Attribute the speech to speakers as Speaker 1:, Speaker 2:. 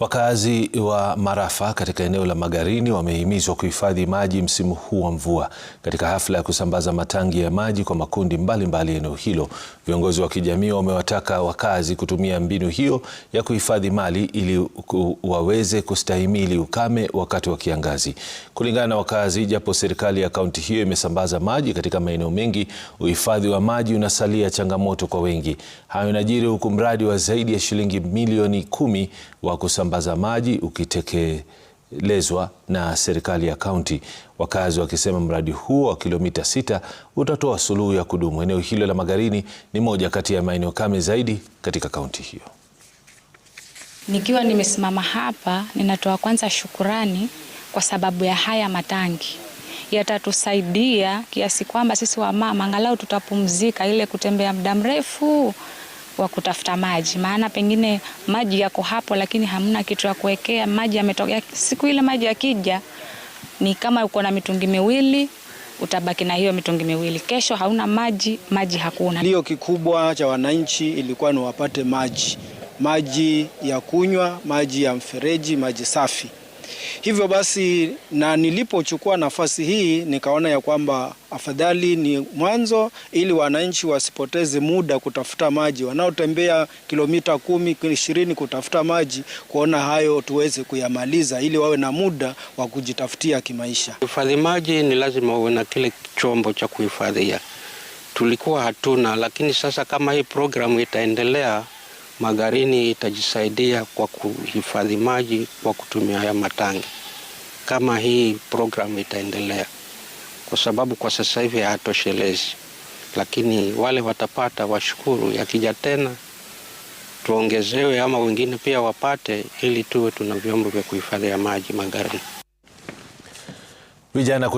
Speaker 1: Wakazi wa Marafa katika eneo la Magarini wamehimizwa kuhifadhi maji msimu huu wa mvua. Katika hafla ya kusambaza matangi ya maji kwa makundi mbalimbali eneo mbali hilo, viongozi wa kijamii wamewataka wakazi kutumia mbinu hiyo ya kuhifadhi mali ili waweze kustahimili ukame wakati wa kiangazi. Kulingana na wakazi, japo serikali ya kaunti hiyo imesambaza maji katika maeneo mengi, uhifadhi wa maji unasalia changamoto kwa wengi. Hayo inajiri huku mradi wa zaidi ya shilingi milioni kumi wa kusambaza maji ukitekelezwa na serikali ya kaunti, wakazi wakisema mradi huo wa kilomita sita utatoa suluhu ya kudumu. Eneo hilo la Magarini ni moja kati ya maeneo kame zaidi katika kaunti hiyo.
Speaker 2: Nikiwa nimesimama hapa, ninatoa kwanza shukurani kwa sababu ya haya matangi yatatusaidia kiasi kwamba sisi wamama angalau tutapumzika ile kutembea muda mrefu wa kutafuta maji, maana pengine maji yako hapo, lakini hamna kitu ya kuwekea maji. Yametokea siku ile, maji yakija, ni kama uko na mitungi miwili utabaki na hiyo mitungi miwili, kesho hauna maji, maji hakuna.
Speaker 3: Ndio kikubwa cha wananchi ilikuwa ni wapate maji, maji ya kunywa, maji ya mfereji, maji safi. Hivyo basi na nilipochukua nafasi hii nikaona ya kwamba afadhali ni mwanzo, ili wananchi wasipoteze muda kutafuta maji, wanaotembea kilomita kumi ishirini kutafuta maji, kuona hayo tuweze kuyamaliza, ili wawe na muda wa kujitafutia kimaisha.
Speaker 4: Hifadhi maji ni lazima uwe na kile chombo cha kuhifadhia, tulikuwa hatuna, lakini sasa kama hii programu itaendelea Magarini itajisaidia kwa kuhifadhi maji kwa kutumia haya matangi, kama hii programu itaendelea, kwa sababu kwa sasa hivi hayatoshelezi, lakini wale watapata washukuru, yakija tena tuongezewe ama wengine pia wapate, ili tuwe tuna vyombo vya kuhifadhia maji Magarini. Vijana